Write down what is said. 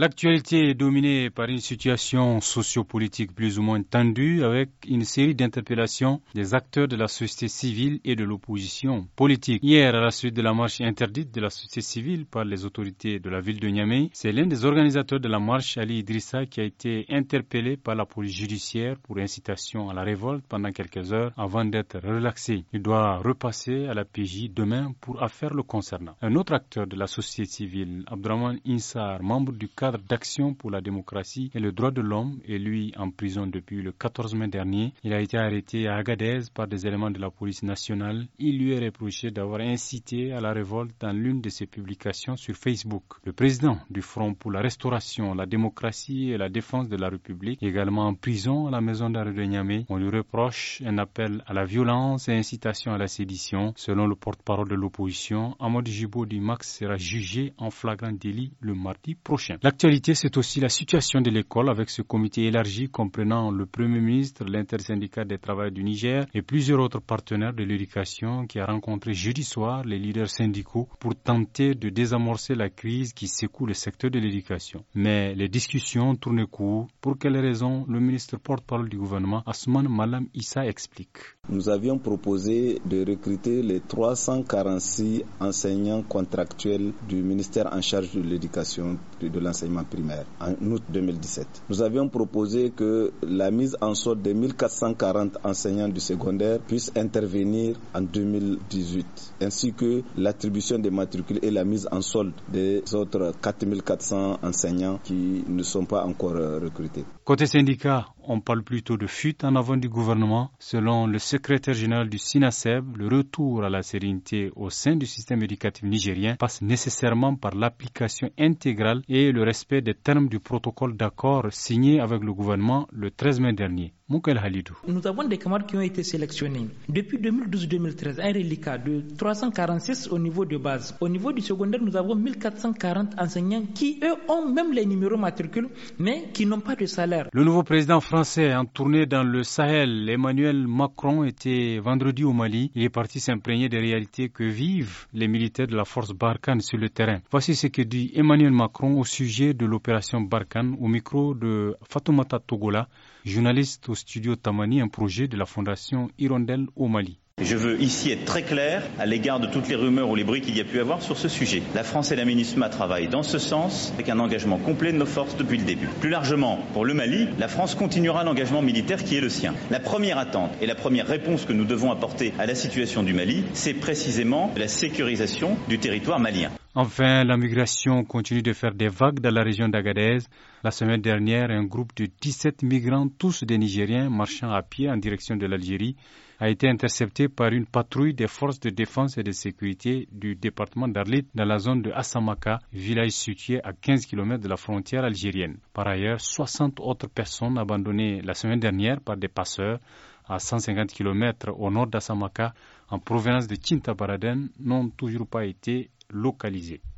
L'actualité est dominée par une situation sociopolitique plus ou moins tendue avec une série d'interpellations des acteurs de la société civile et de l'opposition politique. Hier, à la suite de la marche interdite de la société civile par les autorités de la ville de Niamey, c'est l'un des organisateurs de la marche, Ali Idrissa, qui a été interpellé par la police judiciaire pour incitation à la révolte pendant quelques heures avant d'être relaxé. Il doit repasser à la PJ demain pour affaire le concernant. Un autre acteur de la société civile, Abdraman Insar, membre du cadre d'action pour la démocratie et le droit de l'homme est lui en prison depuis le 14 mai dernier. Il a été arrêté à Agadez par des éléments de la police nationale. Il lui est reproché d'avoir incité à la révolte dans l'une de ses publications sur Facebook. Le président du Front pour la restauration, la démocratie et la défense de la République, également en prison à la maison d'arrêt de on lui reproche un appel à la violence et incitation à la sédition. Selon le porte-parole de l'opposition, Ahmad Jibo Max sera jugé en flagrant délit le mardi prochain. La L'actualité, c'est aussi la situation de l'école avec ce comité élargi comprenant le Premier ministre, l'intersyndicat des travailleurs du Niger et plusieurs autres partenaires de l'éducation qui a rencontré jeudi soir les leaders syndicaux pour tenter de désamorcer la crise qui secoue le secteur de l'éducation. Mais les discussions tournent court. Pour quelles raisons le ministre porte-parole du gouvernement, Asman Malam Issa, explique. Nous avions proposé de recruter les 346 enseignants contractuels du ministère en charge de l'éducation de l'enseignement primaire en août 2017. Nous avions proposé que la mise en solde des 1440 enseignants du secondaire puisse intervenir en 2018, ainsi que l'attribution des matricules et la mise en solde des autres 4400 enseignants qui ne sont pas encore recrutés. Côté syndicat, on parle plutôt de fuite en avant du gouvernement. Selon le secrétaire général du SINASEB, le retour à la sérénité au sein du système éducatif nigérien passe nécessairement par l'application intégrale et le respect des termes du protocole d'accord signé avec le gouvernement le 13 mai dernier. Moukel Halidou. Nous avons des camarades qui ont été sélectionnés. Depuis 2012-2013, un reliquat de 346 au niveau de base. Au niveau du secondaire, nous avons 1440 enseignants qui, eux, ont même les numéros matricules, mais qui n'ont pas de salaire. Le nouveau président français en tournée dans le Sahel, Emmanuel Macron, était vendredi au Mali. Il est parti s'imprégner des réalités que vivent les militaires de la force Barkhane sur le terrain. Voici ce que dit Emmanuel Macron au sujet de l'opération Barkhane au micro de Fatoumata Togola, journaliste au Studio Tamani un projet de la Fondation Hirondelle au Mali. Je veux ici être très clair à l'égard de toutes les rumeurs ou les bruits qu'il y a pu avoir sur ce sujet. La France et la MINUSMA travaillent dans ce sens avec un engagement complet de nos forces depuis le début. Plus largement, pour le Mali, la France continuera l'engagement militaire qui est le sien. La première attente et la première réponse que nous devons apporter à la situation du Mali, c'est précisément la sécurisation du territoire malien. Enfin, la migration continue de faire des vagues dans la région d'Agadez. La semaine dernière, un groupe de 17 migrants, tous des Nigériens, marchant à pied en direction de l'Algérie, a été intercepté par une patrouille des forces de défense et de sécurité du département d'Arlit dans la zone de Assamaka, village situé à 15 km de la frontière algérienne. Par ailleurs, 60 autres personnes abandonnées la semaine dernière par des passeurs à 150 km au nord d'Assamaka en provenance de Baraden, n'ont toujours pas été localisé.